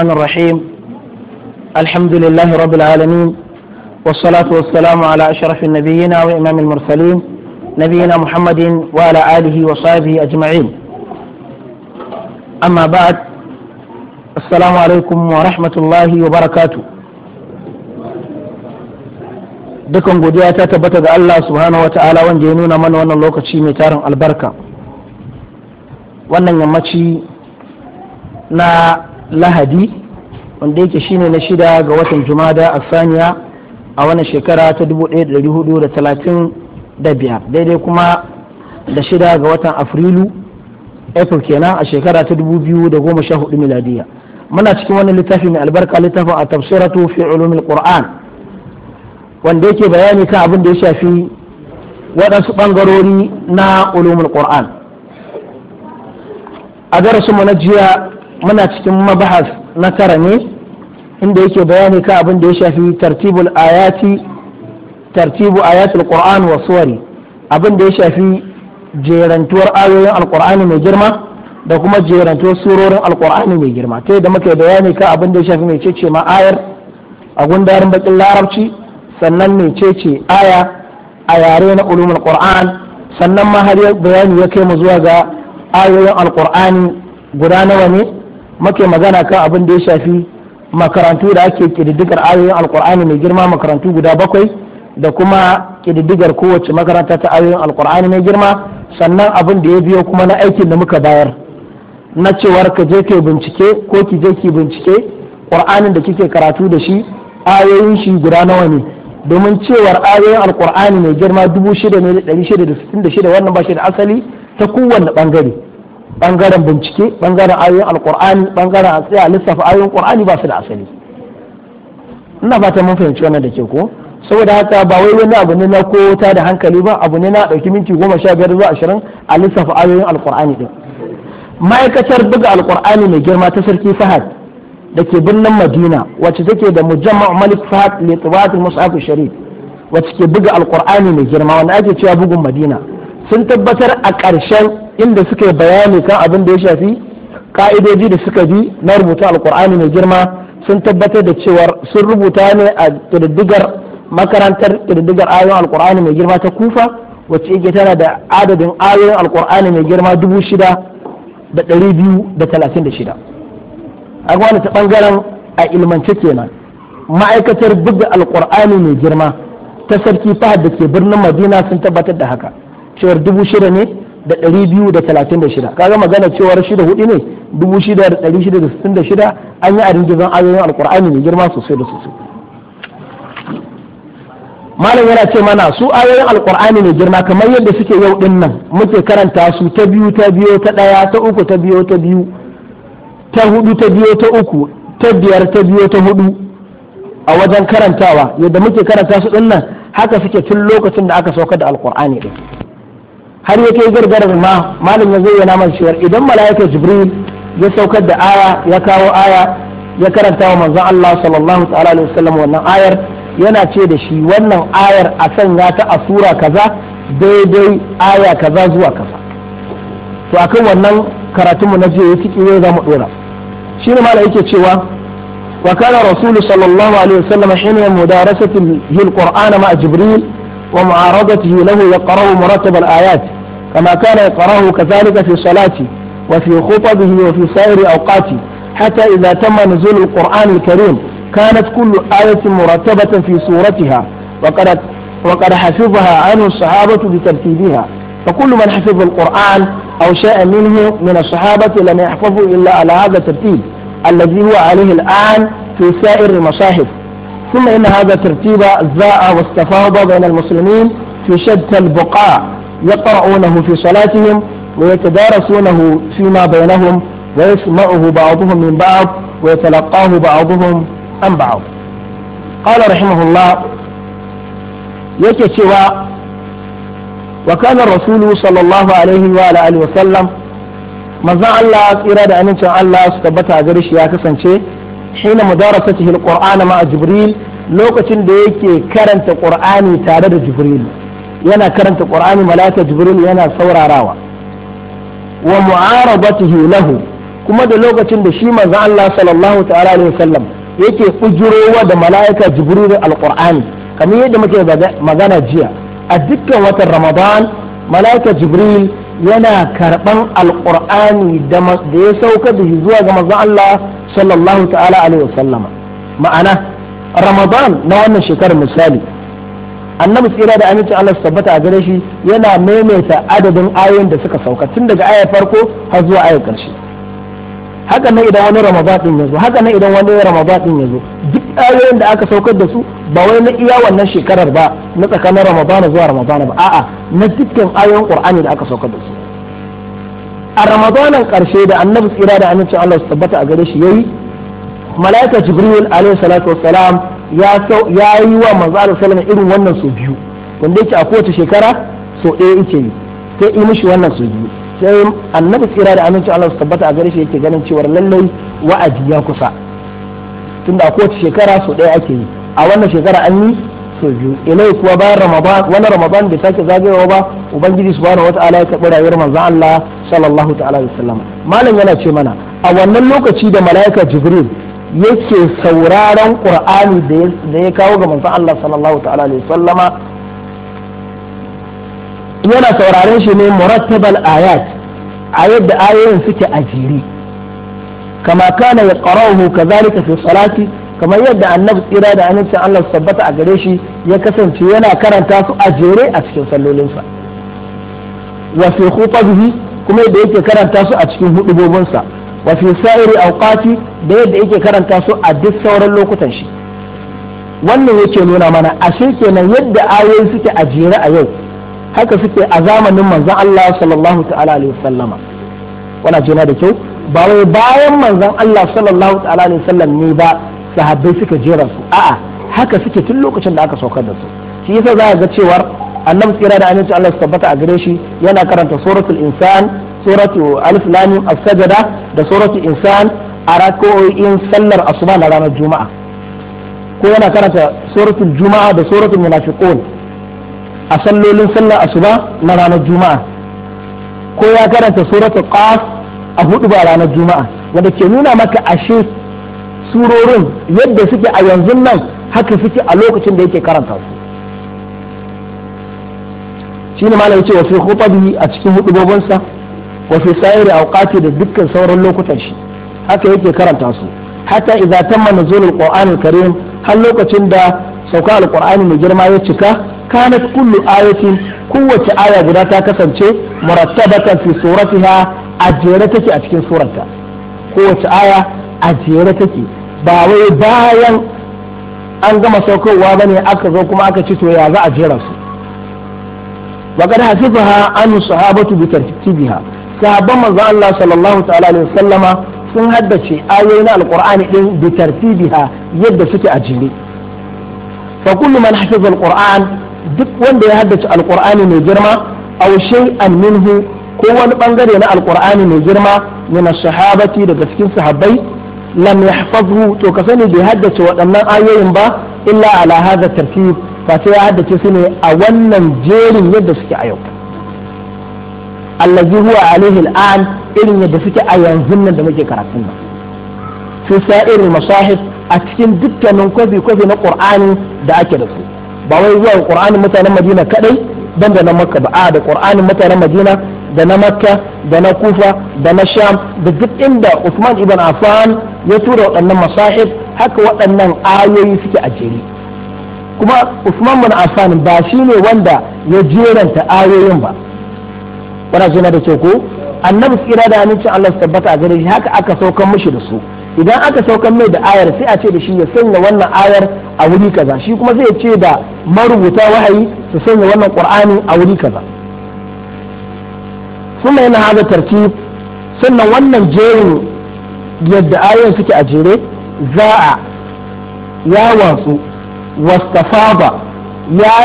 الرحمن الرحيم الحمد لله رب العالمين والصلاة والسلام على أشرف النبيين وإمام المرسلين نبينا محمد وعلى آله وصحبه أجمعين أما بعد السلام عليكم ورحمة الله وبركاته dukan godiya ta tabbata ga Allah subhanahu wata'ala wanda ya nuna mana wannan lokaci mai tarin albarka wannan yammaci na lahadi wanda yake shine na shida ga watan jumada a saniya a wannan shekara ta 1435 daidai kuma da shida ga watan afrilu april kenan a shekara ta 2014 miladiya muna cikin wani littafi mai albarka littafin a tafsiratu fi ulumil qur'an wanda yake bayani kan abin da ya shafi waɗansu ɓangarori na ulumul qur'an a darasinmu na jiya muna cikin mabahas na tara ne inda yake bayani ka abin da ya shafi tartibul ayati tartibu ayatul qur'an wa suwari abin da ya shafi jerantuwar ayoyin alqur'ani mai girma da kuma jerantuwar surorin alqur'ani mai girma ta yadda muka bayani ka abin da ya shafi mai ma ayar a gundarin bakin larabci sannan mai aya a yare na ulumul qur'an sannan ma har bayani ya kai mu zuwa ga ayoyin alqur'ani guda nawa ne muke magana kan abin da ya shafi makarantu da ake kididdigar ayoyin alkur'ani mai girma makarantu guda bakwai da kuma kididdigar kowace makaranta ta ayoyin alkur'ani mai girma sannan abin da ya biyo kuma na aikin da muka bayar na cewar ka je ka bincike ko ki je ki bincike qur'anin da kike karatu da shi ayoyin shi guda nawa ne domin cewar ayoyin alkur'ani mai girma 6666 wannan ba shi da asali ta kowanne bangare bangaren bincike bangaren ayoyin alkur'ani bangaren a tsaya lissafa ayoyin qur'ani ba su da asali ina fatan mun fahimci wannan da ke ko saboda haka ba wai wani abu ne na kota da hankali ba abu ne na ɗauki minti goma sha biyar zuwa ashirin a lissafa ayoyin alkur'ani din ma'aikatar buga alkur'ani mai girma ta sarki fahad da ke birnin madina wacce take da mujamma malik fahad litibat mus'af sharif wacce ke buga alkur'ani mai girma wanda ake cewa bugun madina sun tabbatar a ƙarshen inda suke bayani kan abin da ya shafi ka'idoji da suka bi na rubuta alkur'ani mai girma sun tabbatar da cewa sun rubuta ne a ƙididdigar makarantar ƙididdigar ayoyin alkur'ani mai girma ta kufa wacce yake tana da adadin ayoyin alkur'ani mai girma dubu shida da ɗari biyu da talatin da shida a wani ta ɓangaren a ilmance kenan ma'aikatar buga alkur'ani mai girma ta sarki fahad da ke birnin madina sun tabbatar da haka cewar dubu shida ne da ɗari biyu da talatin da shida kaga magana cewar shida hudu ne dubu shida da ɗari shida da sittin da shida an yi a ringizan ayoyin alkur'ani mai girma sosai da sosai malam yana ce mana su ayoyin alkur'ani mai girma kamar yadda suke yau din nan muke karanta su ta biyu ta biyu ta ɗaya ta uku ta biyu ta biyu ta hudu ta biyu ta uku ta biyar ta biyu ta hudu a wajen karantawa yadda muke karanta su din nan haka suke tun lokacin da aka saukar da alkur'ani din har ya kai gargarar ma malin ya zai yana man cewar idan mala'ika jibril ya saukar da aya ya kawo aya ya karanta wa manzon Allah sallallahu ta'ala alaihi wasallam wannan ayar yana ce da shi wannan ayar a sanya ta a sura kaza daidai aya kaza zuwa kaza to akan wannan karatunmu na jiya fiki ne za mu dora shi ne malai yake cewa wa kana rasulu sallallahu alaihi wasallam hina mudarasati al-qur'ana ma jibril ومعارضته له يقرأ مرتب الآيات كما كان يقرأه كذلك في صلاتي وفي خطبه وفي سائر أوقاتي حتى إذا تم نزول القرآن الكريم كانت كل آية مرتبة في سورتها وقد وقد حفظها عنه الصحابة بترتيبها فكل من حفظ القرآن أو شاء منه من الصحابة لم يحفظه إلا على هذا الترتيب الذي هو عليه الآن في سائر المصاحف ثم إن هذا الترتيب زاء واستفاض بين المسلمين في شتى البقاع يقرؤونه في صلاتهم ويتدارسونه فيما بينهم ويسمعه بعضهم من بعض ويتلقاه بعضهم عن بعض قال رحمه الله يكتوى وكان الرسول صلى الله عليه وعلى آله وسلم manzon Allah tsira da amincin Allah su tabbata a gare shi ya kasance حين مدارسته القرآن a جبريل lokacin da yake karanta ƙur'ani tare da jibril yana karanta ƙur'ani mala'ika jibril yana saurarawa wa mu'aradatihi lahu kuma da lokacin da shi manzo Allah sallallahu ta'ala alaihi wasallam yake kujurowa da malaika jibril alqur'ani kamar yadda muke magana jiya a dukkan watan ramadan malaika jibril yana karɓan alƙur'ani da ya sauka da zuwa ga manzon Allah sallallahu ta'ala alaihi wasallama ma'ana ramadan na wannan shekarar misali annabi tsira da aminci Allah su tabbata a gare shi yana maimaita adadin ayoyin da suka sauka tun daga ayar farko har zuwa ayar ƙarshe haka nan idan wani ramadan din yazo haka nan idan wani ramadan din yazo ayoyin da aka saukar da su ba wai na iya wannan shekarar ba na tsakanin ramadana zuwa ramadana ba a'a na dukkan ayoyin qur'ani da aka saukar da su a ramadanan karshe da annabi tsira da annabi Allah su tabbata a gare shi yayi malaika jibril alaihi salatu wassalam ya ya yi wa manzo Allah salam irin wannan su biyu wanda yake a kowace shekara so ɗaya yake yi sai yi mishi wannan su biyu sai annabi tsira da annabi Allah su tabbata a gare shi yake ganin cewa lallai wa'adi ya kusa tunda a kowace shekara sau ɗaya ake yi a wannan shekara an yi sau biyu ilai kuwa bayan ramadan wani ramadan bai sake zagayowa ba ubangiji subhanahu wataala ya karɓi rayuwar manzon Allah sallallahu ta'ala alaihi wasallam malam yana ce mana a wannan lokaci da malaika jibril yake sauraron qur'ani da ya kawo ga manzon Allah sallallahu ta'ala alaihi wasallama yana sauraron shi ne murattabal ayat a yadda ayoyin suke a jere kama kana ya qarahu kadhalika fi salati kamar yadda annabi tsira da amincin Allah tabbata a gare shi ya kasance yana karanta su a jere a cikin sallolinsa wa fi khutbihi kuma yadda yake karanta su a cikin hudubobinsa wa fi sa'iri awqati da yadda yake karanta su a duk sauran lokutan shi wannan yake nuna mana ashe kenan yadda ayoyi suke a jere a yau haka suke a zamanin manzon Allah sallallahu ta'ala alaihi wasallama jina da kyau ba wai bayan manzon Allah sallallahu ta'ala alaihi wasallam ne ba sahabbai suka jera su a'a haka suke tun lokacin da aka saukar da su shi yasa za a ga cewar annabi tsira da aminci Allah su tabbata a gare shi yana karanta suratul insan suratu alif lam as-sajda da suratul insan a rako'in sallar asuba na ranar juma'a ko yana karanta suratul juma'a da suratul munafiqun a sallolin sallar asuba na ranar juma'a ko ya karanta suratul qaf a hudu ba ranar juma'a wanda ke nuna maka ashe surorin yadda suke a yanzu nan haka suke a lokacin da yake karanta su Shi ne malam yace wa fi a cikin Wasu ya sayar sayri awqati da dukkan sauran lokutan shi haka yake karanta su hatta idza tamma nuzulul qur'anil karim har lokacin da sauka alqur'ani mai girma ya cika kanat kullu ayatin kowace aya guda ta kasance murattabatan fi suratiha a jere take a cikin surarta kowace aya a jere take ba wai bayan an gama saukowa ba ne aka zo kuma aka ci to ya za a jera su وقد حفظها أن الصحابة بترتيبها sahabban manzon Allah sallallahu ta'ala alaihi sallama sun haddace ayoyin alkur'ani alqur'ani din bi tartibiha yadda suke a jere fa kullu man hafiza alqur'an duk wanda ya haddace alqur'ani mai girma aw shay'an minhu ko wani bangare na alkur'ani mai girma min sahabati daga cikin sahabbai lam yahfazhu to ka sani bai haddace waɗannan ayoyin ba illa ala hadha tartib fa sai ya haddace su ne a wannan jerin yadda suke a yau allazi huwa alaihi al'an irin yadda suke a yanzu nan da muke karatun nan fi irin masahif a cikin dukkanin kwafi kwafi na qur'ani da ake da su ba wai zuwa qur'anin mutanen madina kadai dan da na makka ba a da qur'anin mutanen madina da na makka da na kufa da na sham da duk inda usman ibn affan ya tura waɗannan masahib haka waɗannan ayoyi suke a jere kuma usman ibn affan ba shi ne wanda ya jeranta ayoyin ba wana suna da ce ko annabi tsira da cin Allah su tabbata a gare shi haka aka saukan mishi da su idan aka saukan mai da ayar sai a ce da shi ya sanya wannan ayar a wuri kaza shi kuma zai ce da marubuta wahayi su sanya wannan qur'ani a wuri kaza kuma yana hada tartib sannan wannan jerin yadda ayoyin suke a jere za a ya watsu wastafaba ya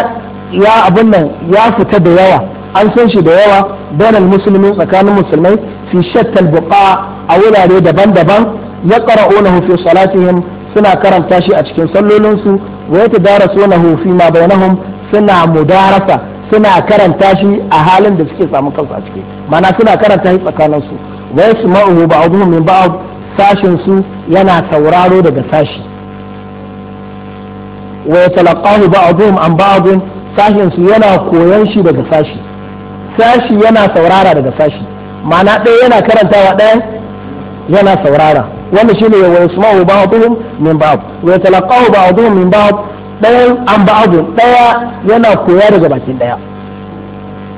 ya abin nan ya fita da yawa an san shi da yawa bainal musulmi tsakanin musulmai fi shattal buqa a wurare daban-daban ya qara'unahu fi salatihim suna karanta shi a cikin sallolinsu wa yatadarasunahu fi ma bainahum suna mudarasa suna karanta shi a halin da suke samu kansu a ciki mana suna karanta shi tsakanin su wa yasma'uhu ba'dhum min ba'd sashin su yana sauraro daga sashi wa yatalaqahu ba'dhum an ba'd sashin su yana koyon shi daga sashi sashi yana saurara daga sashi mana ɗaya yana karantawa ɗaya yana saurara wannan shine wa yasma'u ba'dhum min ba'd wa yatalaqahu ba'dhum min ba'd ɗayan an abu ɗaya yana koya daga bakin ɗaya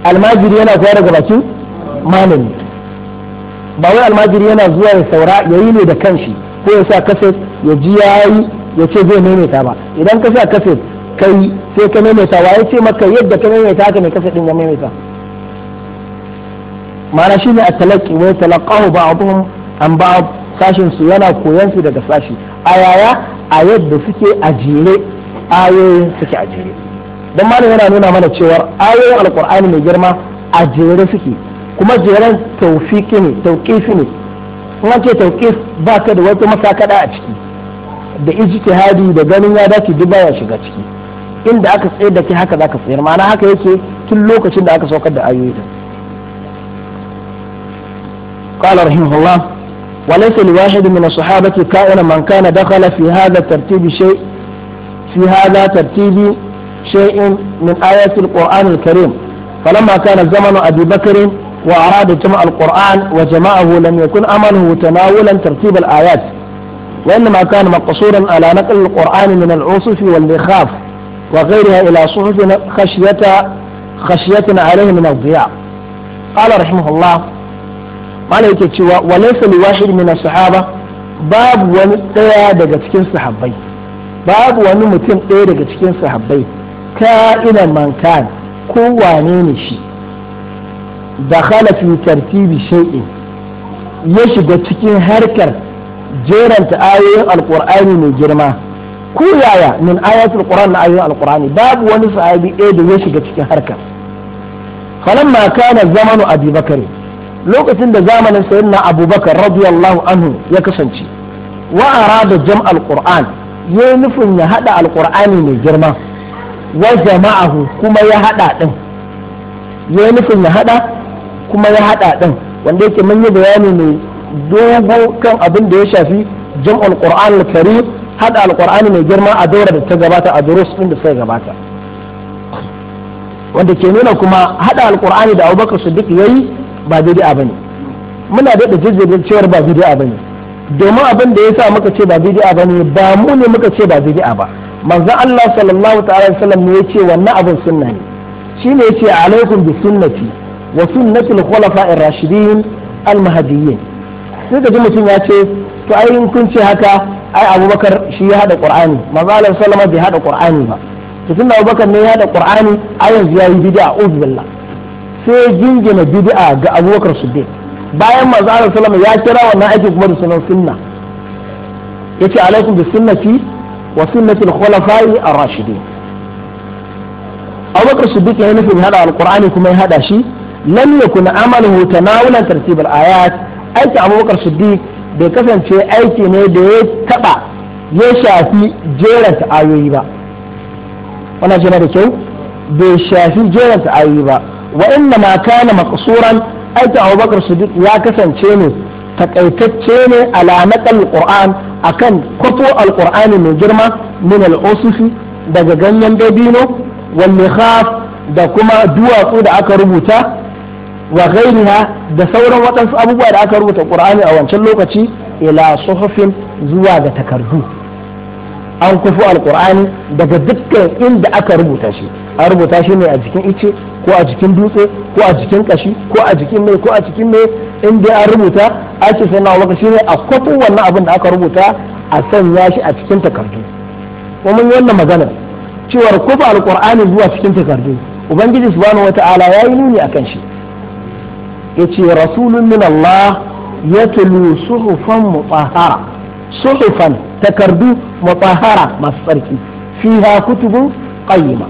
almajiri yana koya daga bakin malami ba wai almajiri yana zuwa ya saura ya yi ne da kanshi ko ya sa kaset ya ji ya yi ya ce zai maimaita ba idan ka sa kaset kai sai ka maimaita wa ya ce maka yadda ka maimaita haka mai kaset ɗin ya maimaita ma'ana shi ne a talaki wai talakahu abu an ba sashinsu yana koyan su daga sashi a yaya a yadda suke a jere ayoyin suke a jere don malam yana nuna mana cewa ayoyin alkur'ani mai girma a jere suke kuma jeren taufiki ne taukifi ne kuma ce taukif ba ka da wata masakada a ciki da ijtihadi da ganin ya dace duk baya shiga ciki inda aka tsaye da ke haka ka tsayar ma'ana haka yake tun lokacin da aka saukar da ayoyi da قال رحمه الله وليس لواحد من الصحابة كائنا من كان دخل في هذا الترتيب شيء في هذا ترتيب شيء من آيات القرآن الكريم فلما كان زمن أبي بكر وأراد جمع القرآن وجمعه لم يكن أمله تناولا ترتيب الآيات وإنما كان مقصورا على نقل القرآن من العصف واللخاف وغيرها إلى صحف خشية خشية عليه من الضياع قال رحمه الله قال يكتشوا وليس لواحد من الصحابة باب ونستيا دقتكين صحابين babu wani mutum ɗaya daga cikin sahabbai ka ina mankan ko wane ne shi da fi tartibi shay'in ya shiga cikin harkar jeranta ayoyin alkur'ani mai girma ko yaya min ayatul qur'an na ayoyin alkur'ani babu wani sahabi ɗaya da ya shiga cikin harkar ma kana zamanu abubakar lokacin da zamanin sayyidina abubakar radiyallahu anhu ya kasance wa arada jam'al qur'an ya yi nufin ya haɗa alƙur'ani mai girma wa jama'ahu kuma ya haɗa ɗin ya yi nufin ya haɗa kuma ya haɗa ɗin wanda yake mun yi bayani mai dogo kan abin da ya shafi jam'ul Alƙur'ani al haɗa alƙur'ani mai girma a daura da ta gabata a durus ɗin da suka gabata wanda ke nuna kuma haɗa alƙur'ani da abubakar ya yayi ba daidai ba ne muna daɗa jirgin cewar ba daidai ba ne domin abin da ya sa muka ce ba bidi'a ba ne ba mu ne muka ce ba bidi'a ba manzo Allah sallallahu ta'ala sallam ne yace wannan abin sunna ne shine yace alaikum bi sunnati wa sunnati al-khulafa'i rashidin al-mahdiyyin sai ka ji mutum ya ce to ai in kun ce haka ai Abubakar shi ya hada Qur'ani manzo Allah sallallahu bai hada Qur'ani ba to tunda Abubakar ne ya hada Qur'ani a yanzu yayi bidi'a uzbillah sai jingina bidi'a ga Abubakar Siddiq bayan manzo Allah sallama ya kira wannan aikin kuma da sunan sunna yace alaikum bi sunnati wa sunnati al-khulafa'i ar-rashidin Abubakar Siddiq ya nufi hada alqur'ani kuma ya hada shi lam yakun amaluhu tanawulan tartib al-ayat aiki Abubakar Siddiq bai kasance aiki ne da ya taba ya shafi jeranta ayoyi ba wannan shi da kyau bai shafi jeranta ayoyi ba wa inna ma kana maqsuran abu bakar siddiq ya kasance ne takaitacce ne alamatar qur'an akan kwato alqur'ani mai girma min al'usufi daga ganyen dabino wal da kuma duwatsu da aka rubuta wa ghairiha da sauran waɗansu abubuwa da aka rubuta qur'ani a wancan lokaci ila suhufin zuwa ga takardu an kufu alqur'ani daga dukkan inda aka rubuta shi a rubuta shi ne a jikin ice ko a jikin dutse ko a jikin kashi ko a jikin mai ko a cikin mai in dai an rubuta ake ce wa na ne a kwato wannan abin da aka rubuta a sanya shi a cikin takardu kuma wannan magana cewar kofa alqur'ani zuwa cikin takardu ubangiji subhanahu wataala yayi nuni akan shi yace rasulun min Allah yatlu suhufan mutahhara suhufan takardu mutahhara masu tsarki fiha kutubun qayyima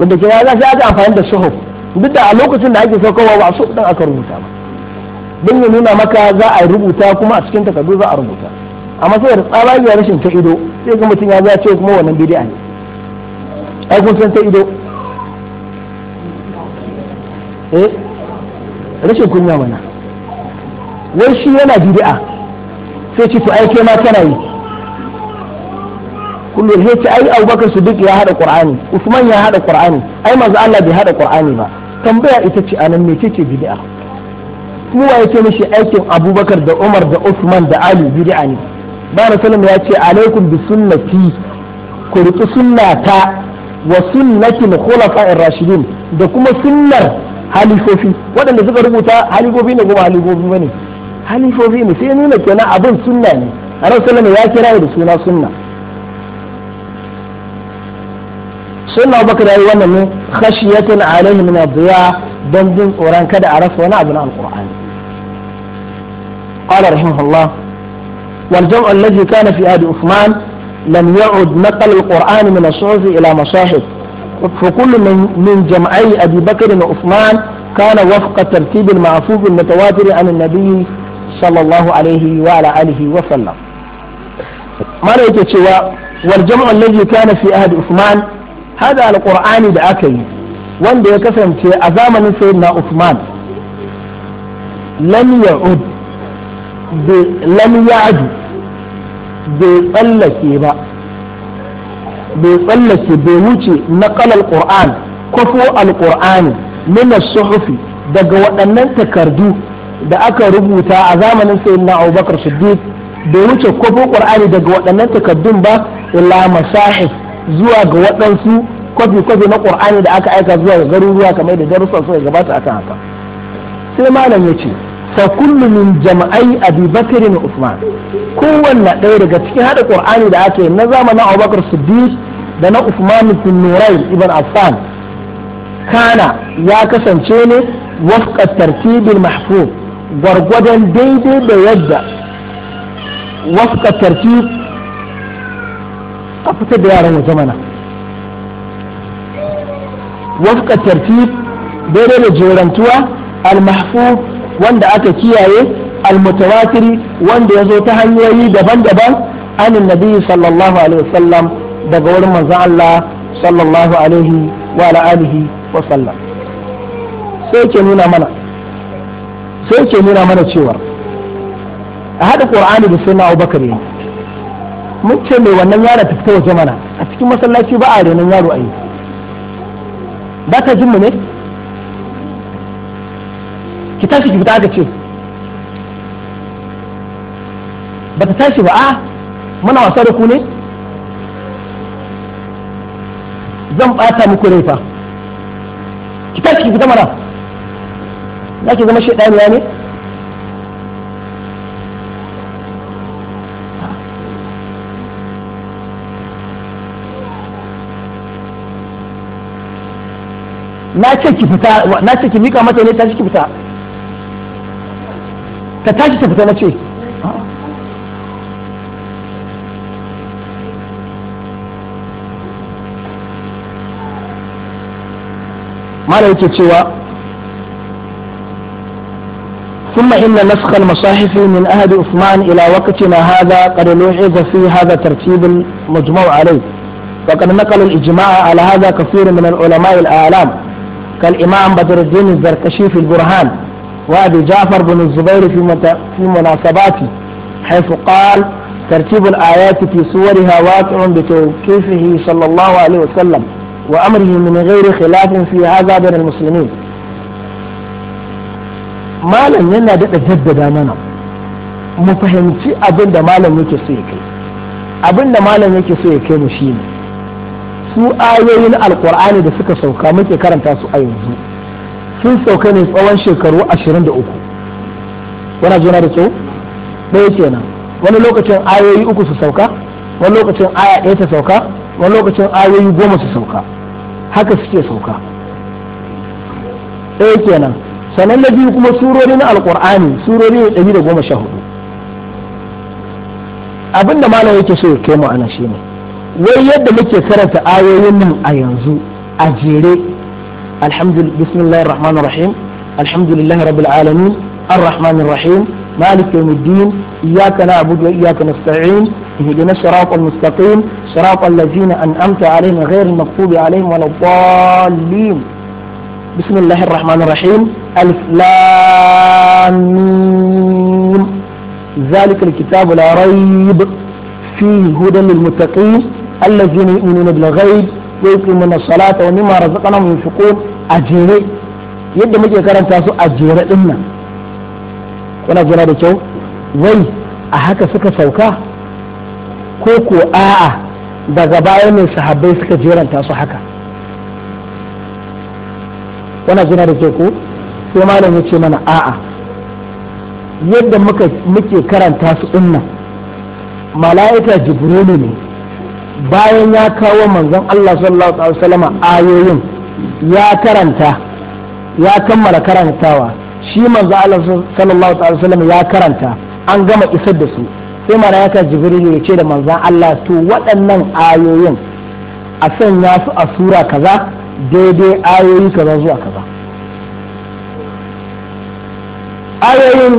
wanda ke ya su aka amfani da suhuf duk da a lokacin da ake saukowa ba su dan aka rubuta ba don ya nuna maka za a rubuta kuma a cikin takardu za a rubuta amma sai da tsabagen rashin ta ido sai ga mutum ya ga ce kuma wannan bid'a ne ai kun san ta ido eh rashin kunya mana wai shi yana bidi'a sai ce to ai kai ma kana yi kullum ya ce ai abubakar siddiq ya hada qur'ani usman ya hada qur'ani ai manzo Allah bai hada qur'ani ba tambaya ita ce anan me ce bid'a mu ya ce mishi aikin abubakar da umar da usman da ali bid'a ne ba Rasulullahi ya ce alaikum bi sunnati ku riƙi sunnata wa sunnatin khulafa'ir rashidin da kuma sunnar halifofi waɗanda suka rubuta halifofi ne kuma halifofi bane halifofi ne sai nuna kenan abin sunna ne a salama ya kira da suna sunna sunna abubakar yayi wannan ne khashiyatan alaihi min adiya dan jin tsoron kada a rasa wani abu na alqur'ani qala rahimahullah wal jam'u alladhi kana fi adi uthman lam ya'ud naqal alqur'ani min as-suhuf ila masahif فكل من من جمعي ابي بكر وعثمان كان وفق ترتيب المعفوف المتواتر عن النبي صلى الله عليه وعلى اله وسلم. ما يكتشف والجمع الذي كان في عهد عثمان hada alqur'ani da aka yi wanda ya kasance a zamanin sayyidina Uthman lam ya'ud lam bai tsallake ba bai tsallake bai wuce naqal alqur'an kofo alqur'ani min as-suhufi daga wadannan takardu da aka rubuta a zamanin sayyidina Abubakar Siddiq bai wuce kofo qur'ani daga waɗannan takardun ba illa masahif zuwa ga waɗansu kwafi-kwafi na ƙur'ani da aka aika zuwa ga garuruwa kamar da darussan suka gabata akan haka sai malam ya ce fa kullu min jama'ai abi bakr wa usman kowanne ɗaya daga cikin haɗa qur'ani da aka yi na zamanin abubakar siddiq da na usman bin ibn affan kana ya kasance ne wafqa tartibil mahfuz gwargwadon daidai da yadda wafqa a fitar da yaran waje mana wafka tartib daidai da jorantuwa almahfu wanda aka kiyaye almutawatiri wanda ya zo ta hanyoyi daban-daban an nabi sallallahu alaihi wasallam daga wurin manzon Allah sallallahu alaihi wa alihi wa sallam sai ke nuna mana sai ke nuna mana cewa a haɗa ƙur'ani da sunna Abubakar ne mun ce mai wannan yaron ta fita waje mana a cikin masallaci ba a renon yaro a yi ba ka jin mu ne ki tashi ki fita aka ce ba ta tashi ba a muna wasa da ku ne zan bata muku rai fa ki tashi ki fita mana za ki zama shaidaniya ne na ce ki fita na ce ki mika mata ne tashi ki fita ta tashi ta fita na ce mala yake cewa ثم إن نسخ المصاحف من أهد عثمان إلى وقتنا هذا قد لوحظ في هذا ترتيب المجمع عليه وقد نقل الإجماع على هذا كثير من العلماء الأعلام كالإمام بدر الدين الزركشي في البرهان وأبي جعفر بن الزبير في في مناسباته حيث قال ترتيب الآيات في صورها واقع بتوقيفه صلى الله عليه وسلم وأمره من غير خلاف في هذا بين المسلمين ما لم ينا jaddada mana mu أبن abin da malam أبن so يكي kai abin su ayoyin alkur'ani da suka sauka muke karanta su a yanzu sun sauka ne tsawon shekaru 23 wani juna da kyau ɗaya kenan wani lokacin ayoyi uku su sauka wani lokacin aya ɗaya ta sauka wani lokacin ayoyi goma su sauka haka suke sauka ɗaya kenan sanan na biyu kuma surori na alkur'ani surori ne ɗari da goma sha hudu abinda malam yake so ya kai mu ana shine ne wai yadda muke karanta ayoyin nan a yanzu a jere alhamdulillah bismillahir rahmanir rahim alhamdulillah rabbil alamin arrahmanir rahim مالك يوم الدين إياك نعبد وإياك نستعين اهدنا الصراط المستقيم صراط الذين أنعمت عليهم غير المغضوب عليهم ولا الضالين بسم الله الرحمن الرحيم ألف لام ذلك الكتاب لا ريب فيه هدى للمتقين الذين يؤمنون بالغيب ويقيمون الصلاة ومما رزقناهم ينفقون wa يد مجي yunfiqun تاسو yadda muke karanta su ajere وي nan kuna سوكا da kyau wai daga baya ne sahabbai suka ta su haka wannan jina da ke ko sai malam ya ce mana a'a yadda muke karanta su dinnan mala'ika jibrilu ne bayan ya kawo manzon Allah sallallahu alaihi wasallama ayoyin ya karanta ya kammala karantawa shi manzon Allah sallallahu alaihi wasallama ya karanta an gama isar da su sai malaika jibril ya ce da manzon Allah to waɗannan ayoyin a sanya su a sura kaza daidai ayoyi kaza zuwa kaza ayoyin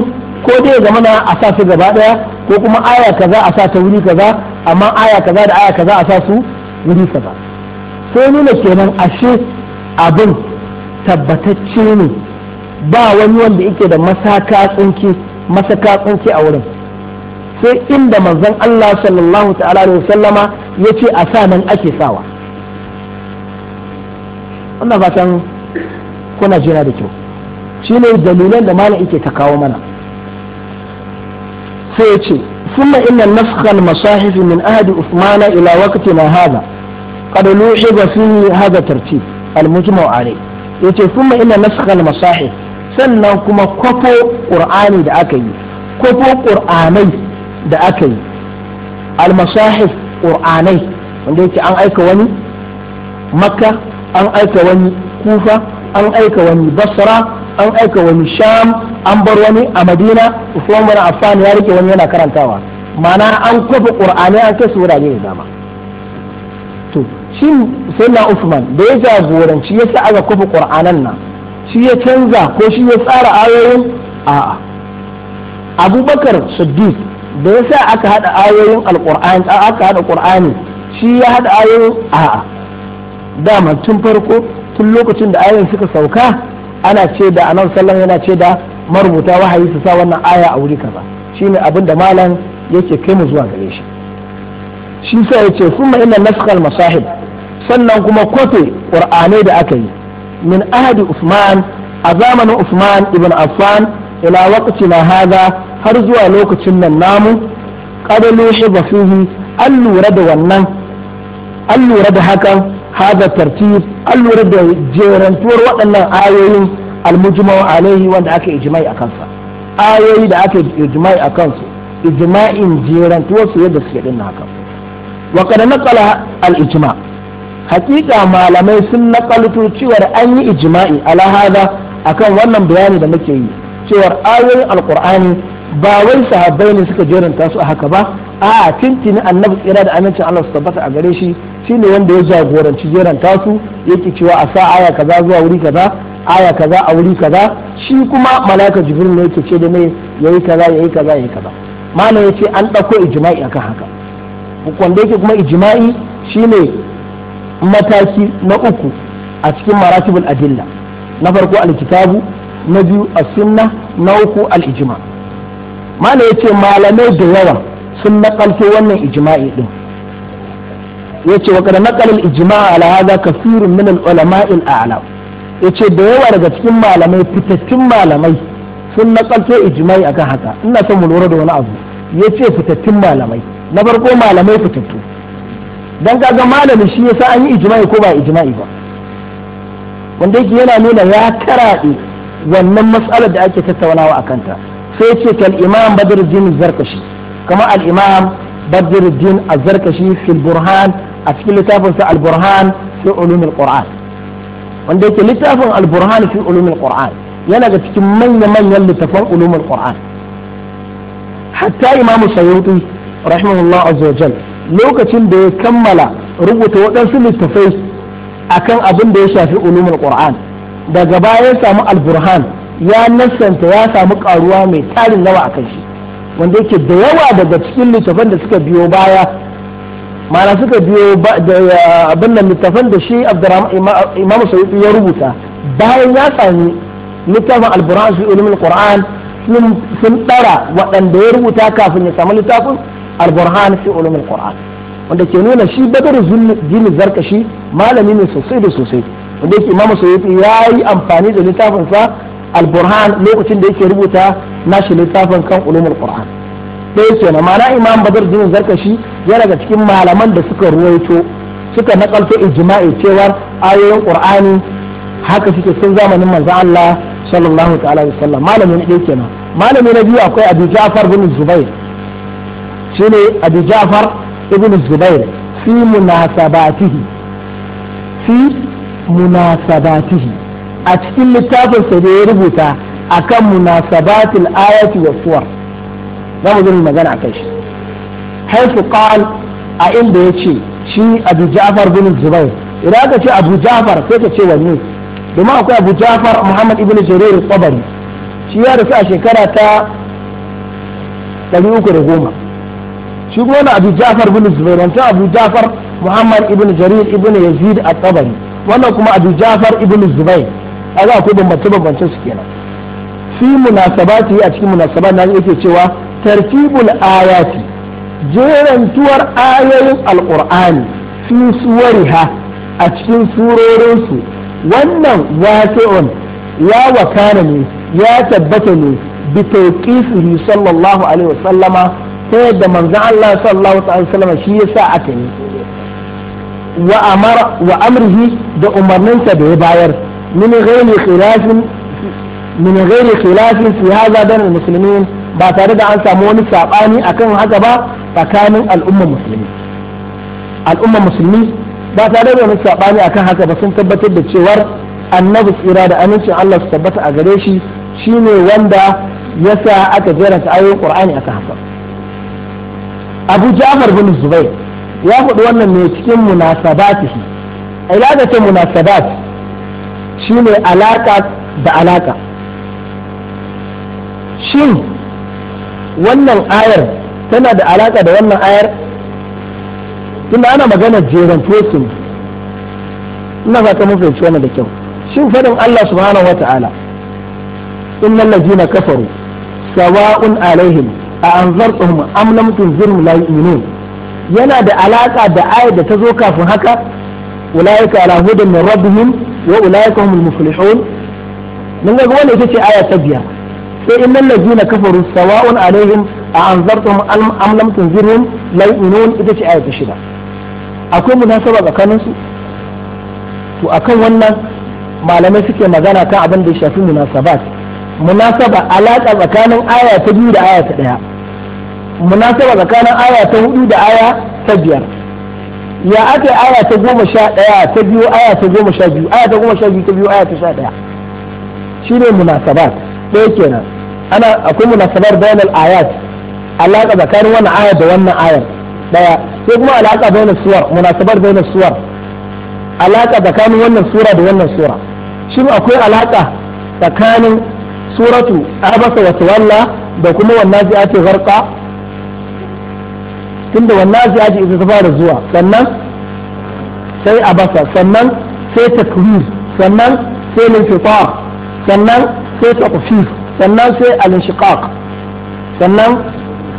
ko dai zamana a sa su gaba daya ko kuma aya kaza a sa ta wuri kaza amma aya kaza da aya kaza a sa su wuri kaza sai nuna kenan ashe abin tabbatacce ne ba wani wanda yake da masaka tsinki masaka tsinki a wurin sai inda manzon Allah sallallahu ta'ala alaihi wasallama yace a sa nan ake sawa wannan fatan kuna jira da kyau shine dalilan da malam yake ta kawo mana sai ya ce ثم إن نسخ المصاحف من أهد عثمان إلى وقتنا هذا قد لوحظ فيه هذا الترتيب المجمع عليه yace kuma ina naskal masahif sannan kuma kwafo ƙur'ani da aka yi kwafo ƙur'anai da aka yi al masahif qur'anai wanda yake an aika wani makka an aika wani kufa an aika wani basra an aika wani sham an bar wani a madina usman bin affan ya rike wani yana karantawa mana an kofa qur'ani an kai su wurare da dama to shin sayyidina usman da ya jagoranci yasa aka kofa qur'anan nan shi ya canza ko shi ya tsara ayoyin a'a abubakar siddiq da yasa aka hada ayoyin alqur'ani aka hada qur'ani shi ya hada ayoyin a'a dama tun farko tun lokacin da ayoyin suka sauka ana ce da anan sallan yana ce da marubuta wahayi su sa wannan aya a wuri kaza shine abin da malam yake kai mu zuwa gare shi shi sa yace kuma inna nasqal masahib sannan kuma kwafe ƙur'ani da aka yi min ahadi usman a zamanin usman ibn affan ila na hada har zuwa lokacin nan namu qadalu hibafihi an lura da wannan an lura da hakan hada tartib an da jerantuwar waɗannan ayoyin almujma alaihi wanda aka ijma'i a kansa ayoyi da aka ijma'i a kansu ijma'in jerantuwar su yadda suke din haka wa qad naqala al ijma hakika malamai sun naqalto cewar an yi ijma'i ala hada akan wannan bayani da nake yi cewar ayoyin Alƙur'ani ba wai sahabai ne suka jeranta su a haka ba a tintini annabi tsira da amincin Allah su tabbata a gare shi ne wanda ya jagoranci jeran tasu yake cewa a sa aya kaza zuwa wuri kaza aya kaza a wuri kaza shi kuma malaka jibril ne yake ce da mai yayi kaza yayi kaza yayi kaza mana yace an dauko ijma'i akan haka wanda yake kuma ijma'i shine mataki na uku a cikin maratibul adilla na farko alkitabu na biyu as-sunna na uku al-ijma malam yace malamai da yawa sun nakalto wannan ijma'i din yace wa qad naqala al-ijma' ala hadha kathirun min al-ulama' al-a'lam yace da yawa daga cikin malamai fitattun malamai sun nakalto ijma'i akan haka ina son mu lura da wani abu yace fitattun malamai na farko malamai fitattu dan kaga malami shi yasa an yi ijma'i ko ba ijma'i ba wanda yake yana nuna ya karaɗe wannan matsalar da ake tattaunawa a kanta sai ce kal imam badruddin zarkashi kama al imam badruddin zarkashi fil burhan a cikin littafin sa al-burhan fi ulumul qur'an wanda yake littafin al-burhan fi ulumul qur'an yana ga cikin manya manyan littafan ulumul qur'an hatta imam sayyidi rahimahullah azza lokacin da ya kammala rubuta waɗansu littafai akan abin da ya shafi ulumul qur'an daga baya ya samu al-burhan ya nassanta ya samu karuwa mai tarin yawa akan shi wanda yake da yawa daga cikin littafan da suka biyo baya Mana suka biyo abin nan littafan da shi imam sayyidi ya rubuta bayan ya sami littafin alburan su ilimin qur'an sun ɗara waɗanda ya rubuta kafin ya samu littafin alburhan fi ilimin qur'an wanda ke nuna shi badar jini zarkashi malami ne sosai da sosai wanda yake imam sayyidi ya yi amfani da sa alburhan lokacin da yake rubuta nashi littafin kan ulumul qur'an ɗaya kenan ma'ana imam badar jinin zarkashi ya daga cikin malaman da suka ruwaito suka nakalto ijma'i cewar ayoyin qur'ani haka suke sun zamanin manzo Allah sallallahu ta'ala malamin malami na biyu akwai Abu Ja'far bin Zubair shine Abu Ja'far ibn Zubair fi munasabatihi fi munasabatihi a cikin littafin sa da ya rubuta akan munasabatil ayati was suwar za mu zo magana a kai shi haifu qal a inda ya ce shi abu ja'far bin zubair idan aka ce abu ja'far sai ka ce wanne domin akwai abu ja'far muhammad ibn jarir tsabari shi ya rasu a shekara ta 310 shi kuma wani abu ja'far bin zubair wancan abu ja'far muhammad ibn jarir ibn yazid a tsabari wannan kuma abu ja'far ibn zubair kaga akwai bambance bambance su kenan fi munasabati a cikin munasabat na yake cewa tartibul ayati jerantuwar ayoyin alqur'ani fi suwariha a cikin surorinsu wannan waqi'un ya wakana ne ya tabbata ne bi sallallahu alaihi wasallama ta yadda manzon Allah sallallahu alaihi wasallama shi aka yi wa amrihi da umarninsa da ya bayar min ghairi khilafin min ghairi khilafin fi hadha al-muslimin ba tare da an samu wani saɓani akan haka ba tsakanin al'ummar musulmi al'ummar musulmi ba tare da wani saɓani akan haka ba sun tabbatar da cewar annabi tsira da amincin Allah su tabbata a gare shi shine wanda ya sa aka ta ayoyin qur'ani akan haka abu ja'far bin zubair ya faɗi wannan ne cikin munasabatihi ilaqatu munasabat shine alaka da alaƙa. shin wannan ayar tana da alaka da wannan ayar tunda ana magana jeran tosin ina ba ka mafi wannan da kyau shin fadin Allah subhanahu wata'ala innal ladina kafaru sawa'un alaihim a anzartuhum am lam tunzirhum la yu'minun yana da alaka da ayar da ta zo kafin haka ulaika ala hudan min rabbihim wa ulaika humul muflihun mun ga wannan ita ce aya ta biyar sai in lallaji na kafaru sawa'un alaihim a an am amlamtun zirin la'inun ita ce ayata shida akwai munasaba tsakanin su to akan wannan malamai suke magana kan abin da ya shafi munasabat munasaba alaƙa tsakanin aya ta biyu da aya ta ɗaya munasaba tsakanin aya ta hudu da aya ta biyar ya aka aya ta goma sha ɗaya ta biyu aya ta goma sha biyu aya ta goma sha biyu ta biyu aya ta sha ɗaya shine munasabat ɗaya kenan ana akwai munasabar bainal ayat alaka tsakanin wannan ayar da wannan ayar ɗaya sai kuma alaka bainal suwar munasabar bainal suwar alaka tsakanin wannan sura da wannan sura shin akwai alaka tsakanin suratu abasa wa tawalla da kuma wannan zai ake gharqa tunda wannan zai ita ta fara zuwa sannan sai abasa sannan sai takwir sannan sai linfitar sannan sai tafsir sannan sai al sannan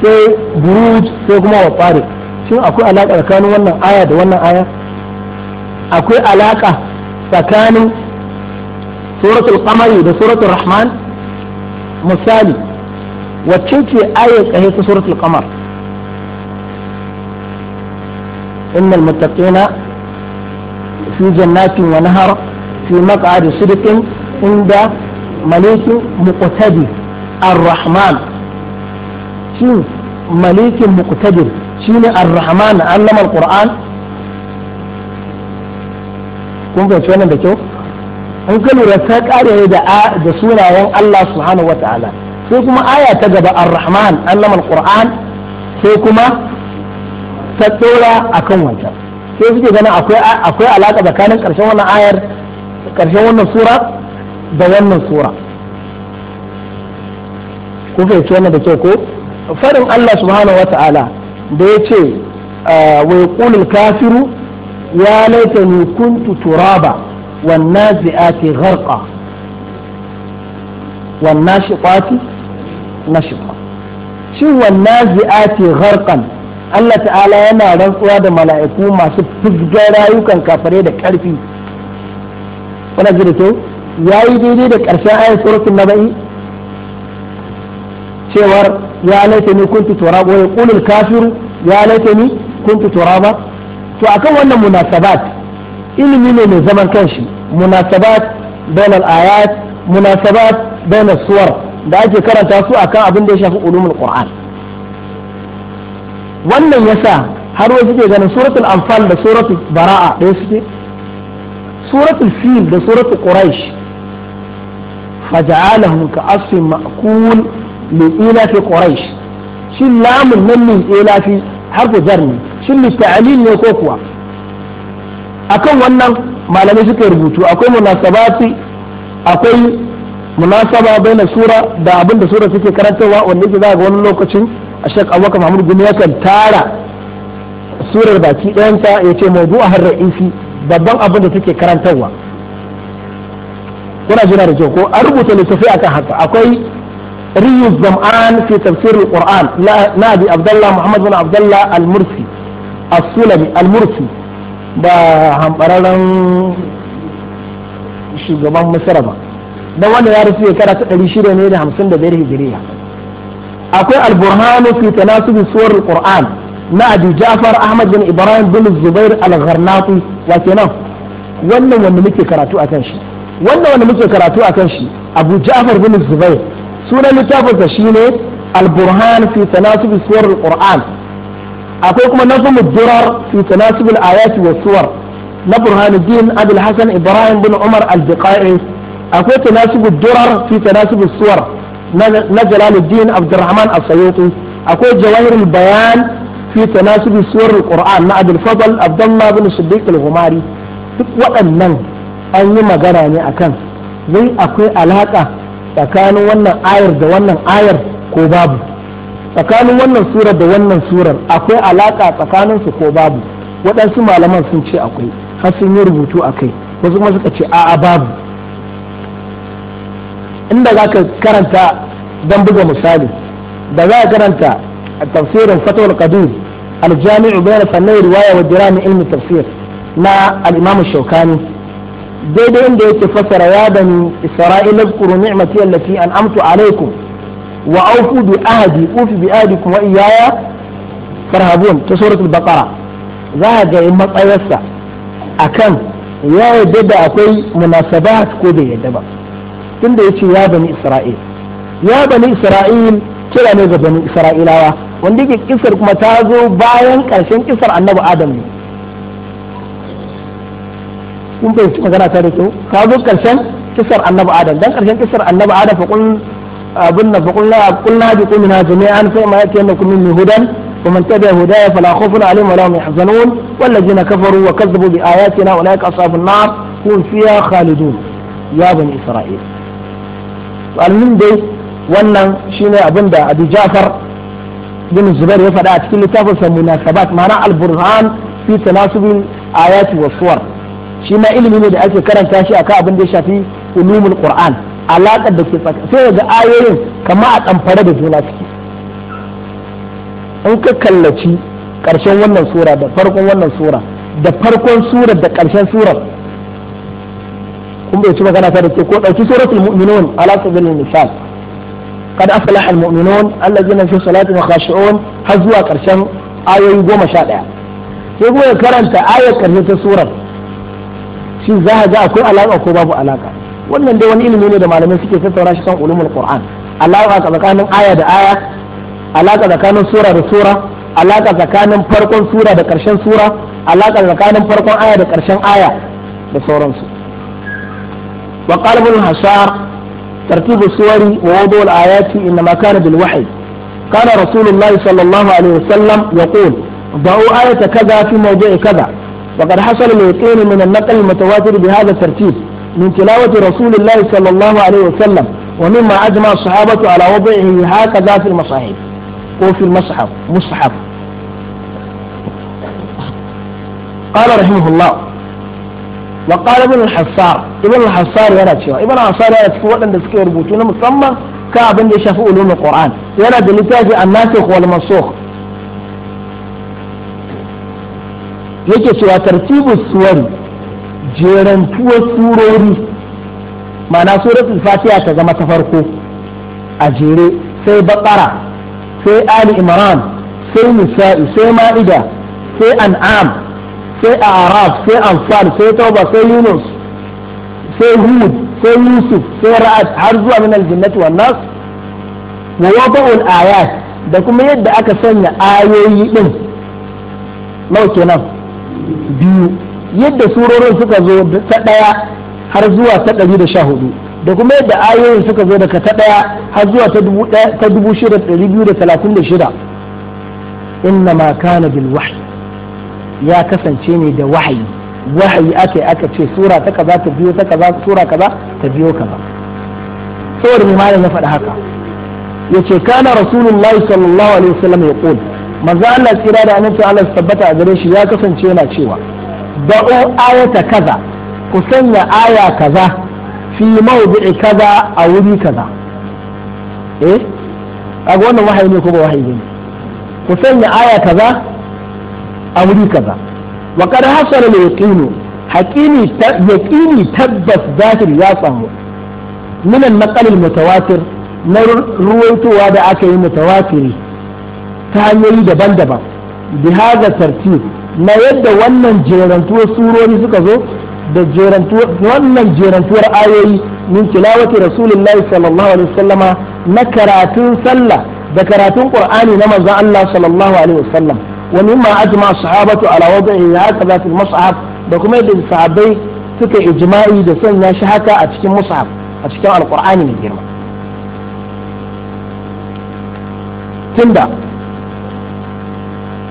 sai buruj sai kuma wafari shin akwai alaka tsakanin wannan aya da wannan aya akwai alaka tsakanin suratul qamari da suratul rahman misali wacce ce aya tsaye ta suratul qamar innal muttaqina fi jannatin wa nahar fi maq'adi sidqin inda malikin muqtadir ar-rahman shin malikin muqtadir shine ar-rahman allama al-qur'an kun fahimci wannan da kyau an kalli da ta kare da da sunayen Allah subhanahu wataala sai kuma aya ta gaba ar-rahman allama al-qur'an sai kuma ta tsora akan wancan sai suke ganin akwai akwai alaka tsakanin karshen wannan ayar karshen wannan sura da wannan sura ku fahimci wannan da kyau ko farin Allah subhanahu wata'ala da ya ce ah, wa yaqulul kafiru ya laitani kuntu turaba wan nazi'ati gharqa wan nashiqati shi shin wan nazi'ati gharqan Allah ta'ala yana rantsuwa da mala'iku masu fizgar rayukan kafare da ƙarfi kuna ji da yayi daidai da ƙarshen ayat suratun nabai cewar ya laitani kuntu turaba ya qulul kafiru ya laitani kuntu turaba to akan wannan munasabat ilimi ne mai zaman kanshi munasabat bain ayat munasabat bain suwar da ake karanta su akan abin da ya shafi ulumul qur'an wannan yasa har wasu ke ganin suratul anfal da suratul bara'a ɗaya suke suratul fil da suratul quraish فجعلهم كعصف مأكول لإيلاف قريش شن لام من إيلاف حرف جرم شن للتعليل نكوكوا أكون ونن ما لم يذكر ربوتو أكون مناسباتي أكون munasaba bai na sura da abin da sura take karantarwa wanda yake za ga wani lokacin a shek abubakar mahmud gumi yakan tara surar baki ɗayanta ya ce mawdu a ra'isi babban abin da take karantarwa kuna jira da ko an rubuta littafi akan haka akwai riyu zam'an fi tafsir al-qur'an na abi abdullah muhammad bin abdullah al-mursi as-sulami al-mursi da hambararren shugaban misra ba dan wanda ya rasu shekara ta 655 hijiriya akwai al-burhanu fi tanasubi suwar al-qur'an na abi ja'far ahmad bin ibrahim bin zubair al-gharnati wa kenan wannan wanda muke karatu akan shi wannan wanda muke karatu a kan shi abu ja'far bin zubair sunan littafinsa shine al-burhan fi tanasub suwar al-qur'an akwai kuma nazmu durar fi tanasub al-ayat wa suwar na burhanuddin abul hasan ibrahim bin umar al-biqai akwai tanasub durar fi tanasub suwar na jalaluddin abdurrahman as-sayuti akwai jawahir al-bayan fi tanasub suwar al-qur'an na abul fadl abdullah bin siddiq al-humari duk waɗannan an yi magana ne akan zai akwai alaƙa tsakanin wannan ayar da wannan ayar ko babu tsakanin wannan surar da wannan surar akwai alaƙa tsakanin su ko babu waɗansu malaman sun ce akwai har sun yi rubutu a kai wasu kuma suka ce a'a babu inda za ka karanta don buga misali da za ka karanta a tafsirin fatawar kadir al-jami'u sannan fannai riwaya wa jirani ilmi tafsir na al'imamu shaukani daidai yadda yake fasara ya bani isra'ila zkuru ni'mati allati an'amtu alaikum wa aufu bi ahdi ufi bi ahdikum wa iyaya farhabun ta suratul baqara za ga matsayarsa akan ya yadda da akwai munasabat ko bai yadda ba tunda yace ya bani isra'il ya bani isra'il kira ne ga bani isra'ilawa wanda yake kisar kuma ta zo bayan ƙarshen kisar annabi adam ne kun bai magana ta da kyau ka zo karshen kisar annabi adam dan karshen kisar annabi adam fa kun abin nan fa kun la kun la bi kumina jami'an fa ma yake annakum min hudan wa man tabi'a hudaya fala khawfun alaihim wa la hum yahzanun wal ladina kafaru wa kazzabu bi ayatina ulaika ashabun nar hum fiha khalidun ya bani isra'il almin dai wannan shine abin da Abu Ja'far bin Zubair ya faɗa a cikin littafin sa munasabat ma'ana al-burhan fi tanasubil ayati was suwar shi ma ilimi ne da ake karanta shi akan abin da ya shafi ulumul qur'an alaƙar da ke tsaka sai daga ayoyin kama a tsamfare da juna suke in ka kallaci ƙarshen wannan sura da farkon wannan sura da farkon surar da ƙarshen surar kun bai ci magana ta da ke ko ɗauki suratul mu'minun ala sabilil misal قد أفلح المؤمنون الذين في صلاتهم خاشعون هزوا كرشان آية يقوم شاد يعني يقول كرنت آية كرنت سورة shin za a ga akwai alaka ko babu alaka wannan dai wani ilimi ne da malamai suke tattauna shi kan ulumul qur'an alaka tsakanin aya da aya alaka tsakanin sura da sura alaka tsakanin farkon sura da karshen sura alaka tsakanin farkon aya da karshen aya da sauransu wa qala ibn hasar ترتيب الصور ووضوء الآيات إنما كان بالوحي قال رسول الله صلى الله عليه وسلم يقول ضعوا آية كذا في موضوع كذا وقد حصل اليقين من النقل المتواتر بهذا الترتيب من تلاوة رسول الله صلى الله عليه وسلم ومما أجمع الصحابة على وضعه هكذا في المصاحف وفي المصحف مصحف قال رحمه الله وقال ابن الحصار ابن الحصار يرى شو ابن الحصار يرى شو وقت suke rubutu na musamman ka abin da ya shafi ulumul الناسخ والمنسوخ yake cewa tartibus suwari jerantuwar surori ma'ana suratul fatiha ta zama ta farko a jere sai baƙara sai ali imran sai nisa'i sai ma'ida sai an'am sai araf sai anfal sai tauba sai yunus sai hud sai yusuf sai ra'ad har zuwa min aljannati wan nas wa wada'ul ayat da kuma yadda aka sanya ayoyi din nau kenan biyu yadda surorin suka zo ta ɗaya har zuwa ta ɗari da sha hudu da kuma yadda ayoyin suka zo daga ta ɗaya har zuwa ta dubu shida ɗari biyu da talatin da shida inna ma kana bil wahyi ya kasance ne da wahayi wahayi aka aka ce sura ta kaza ta biyo ta kaza sura kaza ta biyo kaza saboda mai malam ya faɗi haka yace kana rasulullahi sallallahu alaihi wasallam ya qul manzo Allah tsira da annabi Allah tabbata a gare shi ya kasance yana cewa o ayata kaza ku sanya aya kaza fi mawdi'i kaza a wuri kaza eh kaga wannan wahayi ne ko ba wahayi ne ku sanya aya kaza a wuri kaza wa qad hasala al-yaqinu haqini yaqini tabbas zahir ya samu minan al-naqal al-mutawatir na ruwaitowa da aka yi mutawatiri ta hanyoyi daban-daban biha haza tartib na yadda wannan jerantuwar surori suka zo da wannan jerantuwar ayoyi min tilawati rasulullahi sallallahu alaihi wasallama na karatun sallah da karatun qur'ani na manzon Allah sallallahu alaihi wasallam wa mimma ajma sahabatu ala wad'i hakaza fil mus'haf da kuma yadda sahabbai suka ijma'i da sanya shi haka a cikin mus'haf a cikin alqur'ani mai girma tunda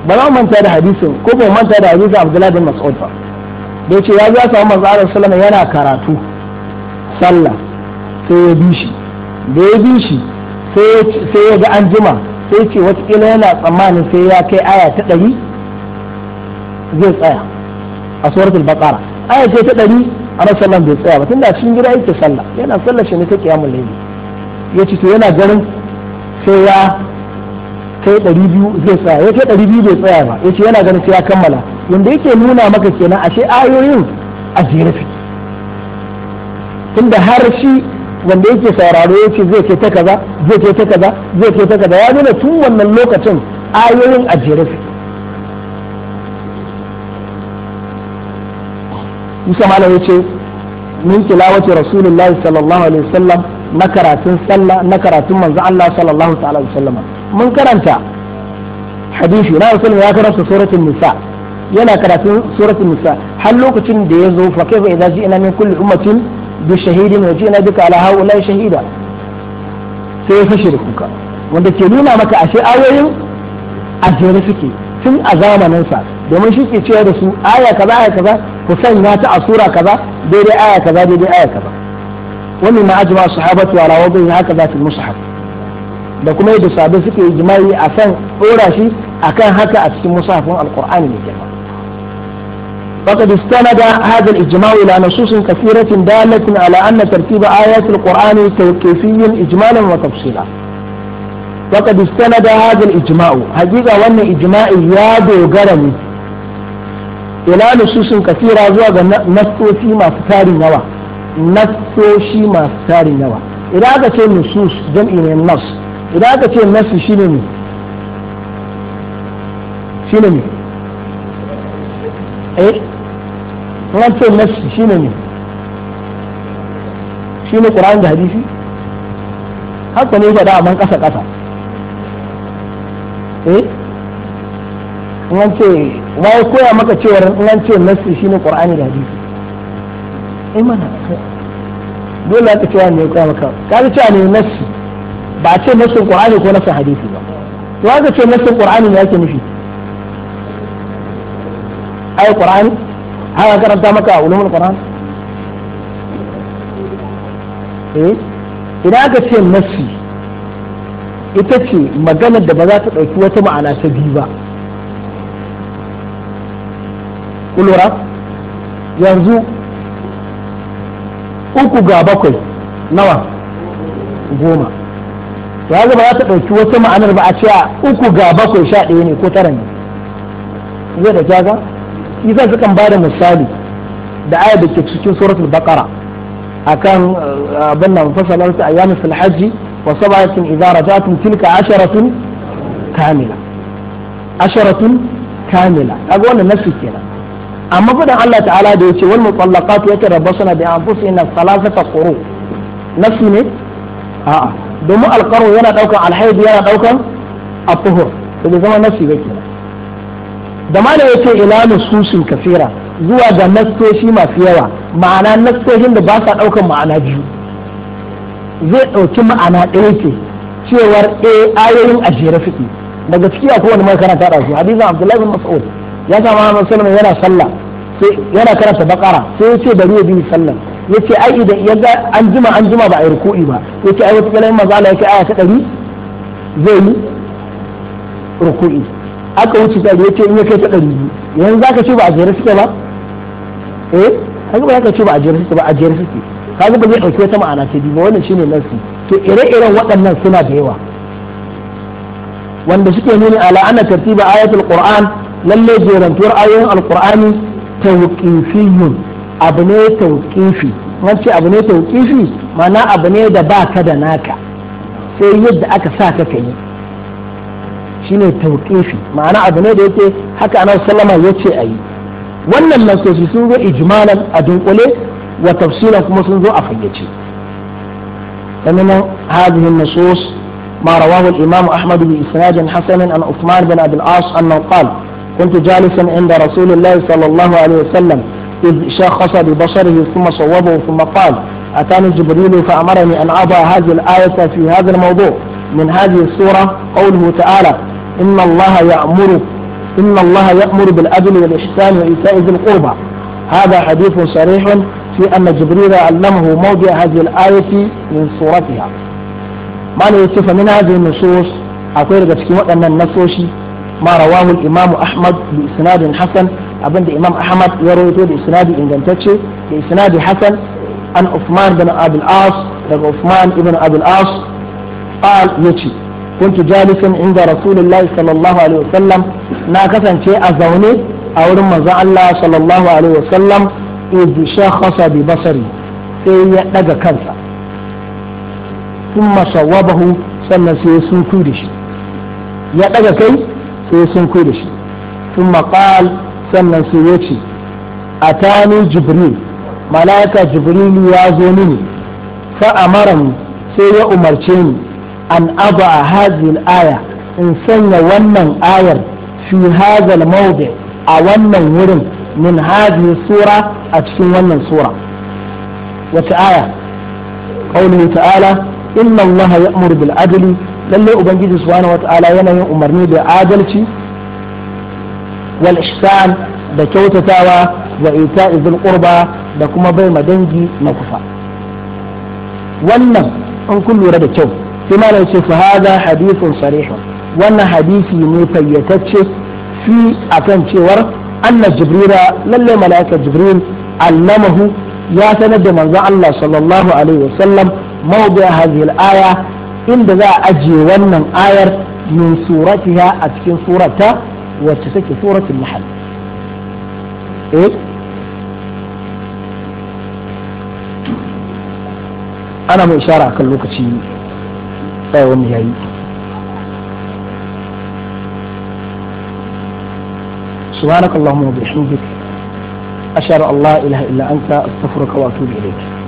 ba za mu manta da hadisin ko ba manta da hadisin Abdullahi bin Mas'ud ba da yace ya zo samu manzo Allah sallallahu yana karatu sallah sai ya bi shi da ya bi shi sai ya ga an jima sai ce watakila yana tsammanin sai ya kai aya ta ɗari zai tsaya a suratul baqara aya ce ta ɗari a sallan bai tsaya ba tunda cikin gida yake sallah yana sallah shi ne ta kiyamul layli ya ce to yana ganin sai ya kai ɗari biyu zai tsaya ya kai ɗari biyu bai tsaya ba ya ce yana ganin sai ya kammala wanda yake nuna maka kenan ashe ayoyin a jere tunda har shi wanda yake sauraro ya ce zai ke ta kaza zai ke ta kaza zai ke ta kaza ya nuna tun wannan lokacin ayoyin a jere Musa Malam ya ce min tilawati Rasulullahi sallallahu alaihi wasallam na karatun sallah na karatun manzo Allah sallallahu ta'ala alaihi wasallam mun karanta hadisi na rasul ya karanta suratul nisa yana karatun suratul nisa har lokacin da ya zo fa kaifa idza ji'na min kulli ummatin bi shahidin wa ji'na bika ala haula shahida sai ya fashe da kuka wanda ke nuna maka ashe ayoyin a jere suke tun a zamaninsa domin shi ke cewa da su aya kaza aya kaza ku sanya ta a sura kaza daidai aya kaza daidai aya kaza ومما أجمع الصحابة على وضعه هكذا في المصحف da يجب صحابه سكي إجمالي ijimai a شيء أكان هكا a مصحف القرآن a cikin فقد استند هذا الإجماع إلى نصوص كثيرة دالة على أن ترتيب آيات القرآن توقيفي إجمالا وتفصيلا فقد استند هذا الإجماع حقيقة وأن إجماع ياد وقرمي إلى نصوص كثيرة زوغ نفتو في ما نواه nassoshi masu tarin yawa idan aka ce nusus jam'i ne nas idan aka ce nassi shi ne shi ne eh ran ce nassi shi ne shi ne qur'an da hadisi haka ne da man kasa kasa eh ran ce wai koya maka cewa ran ce shi ne qur'ani da hadisi eh mana dole aka cewa ne ya koya maka ka ga cewa ne nassi ba a ce nassin qur'ani ko nassin hadisi ba to ka ce nassin qur'ani ne yake nufi ai qur'ani haka karanta maka ulumul qur'an eh idan ka ce nassi ita ce maganar da ba za ta ɗauki wata ma'ana ta biyu ba kulura yanzu uku ga bakwai nawa goma to haka ba za ta ɗauki wata ma'anar ba a ce a uku ga bakwai sha ɗaya ne ko tara ne zai da kyaga isa sukan ba da misali da aya da ke cikin suratul baqara akan eh, abin nan fasalar ta ayyamin sulhaji wa sabatin idza tun tilka asharatun kamila asharatun kamila kaga wannan nasu kenan amma fadan Allah ta'ala da yace wal mutallaqatu yatarabbasuna bi anfusihinna thalathata quru nafsi ne a'a domin alqaru yana daukan alhaid yana daukan at-tuhur to bai zama nafsi ba kenan da malam yace ila nususin kafira zuwa ga nassoshi masu yawa ma'ana nassoshin da ba sa daukan ma'ana biyu zai dauki ma'ana ɗaya ce cewar eh ayoyin a jere suke daga ciki akwai wani makaranta da su hadisin Abdullahi bin Mas'ud ya ga Muhammad sallallahu yana sallah sai yana karanta bakara sai ya ce bari ya bi sallan ce ai idan ya ga an jima an jima ba a yi ruku'i ba ya ce ai wata kila in manzo Allah yake aya ta ɗari zai yi ruku'i aka wuce ta ce in ya kai ta ɗari biyu yanzu za ka ce ba a jere suke ba eh kaga ba ka ce ba a jere suke ba a jere suke kaga ba zai dauki wata ma'ana ce ba wannan shine nasi to ire-iren waɗannan suna da yawa wanda suke nuni ala anna tartiba ayatul qur'an lalle jerantuwar ayoyin alkur'ani tawqifiyun abu ne tawqifi wance abu ne tawqifi ma'ana abu ne da ba ka da naka sai yadda aka sa ka kai shine tawqifi ma'ana abu ne da yake haka annabi sallama yace ayi wannan nasoshi sun zo ijmalan a dunkule wa tafsilan kuma sun zo a fayyace sannan hadhihi an-nusus ما رواه الإمام أحمد بإسناد حسن عن عثمان بن أبي العاص أنه قال كنت جالسا عند رسول الله صلى الله عليه وسلم إذ شخص ببصره ثم صوبه ثم قال أتاني جبريل فأمرني أن أضع هذه الآية في هذا الموضوع من هذه السورة قوله تعالى إن الله يأمر إن الله يأمر بالعدل والإحسان وإيتاء ذي القربى هذا حديث صريح في أن جبريل علمه موضع هذه الآية من سورتها ما لا من هذه النصوص أقول لك أن النصوص ما رواه الإمام أحمد بإسناد حسن أبن الإمام أحمد يرويته بإسناد إنجنتشي بإسناد حسن عن عثمان بن أبي العاص عثمان بن أبي العاص قال يتي كنت جالسا عند رسول الله صلى الله عليه وسلم ناكسا شيء أزوني أو رمى الله صلى الله عليه وسلم إذ شخص ببصري سيئ كنسا ثم صوبه sannan sai ya sunku da shi ya ɗaga kai sai sun kai da shi Tun maƙal sannan sai ya ce a tani jibril mala'ika jibril ya zo mini fa'amaran sai ya umarce ni an abu a hazin aya in sanya wannan ayar fi hazal mawdi a wannan wurin min hazin sura a cikin wannan sura wata aya قوله inna إن الله يأمر بالعدل lallai ubangiji subhanahu wata'ala yana umarni da adalci wal ihsan da kyautatawa wa ita'i zul qurba da kuma bai ma dangi na kufa wannan an kun lura da kyau sai ma ce fa hadha hadithun sarih wannan hadisi ne fayyatacce fi akan cewar anna jibrila lallai malaika jibril allamahu ya sanar da manzon Allah sallallahu alaihi wasallam mawdi hadhihi al-aya inda za a ajiye wannan ayar min suratiha a cikin surata wacce take suratul mahal eh ana mai ishara kan lokaci tsayawar mu yayi سبحانك اللهم وبحمدك أشهد أن لا إله إلا أنت أستغفرك وأتوب إليك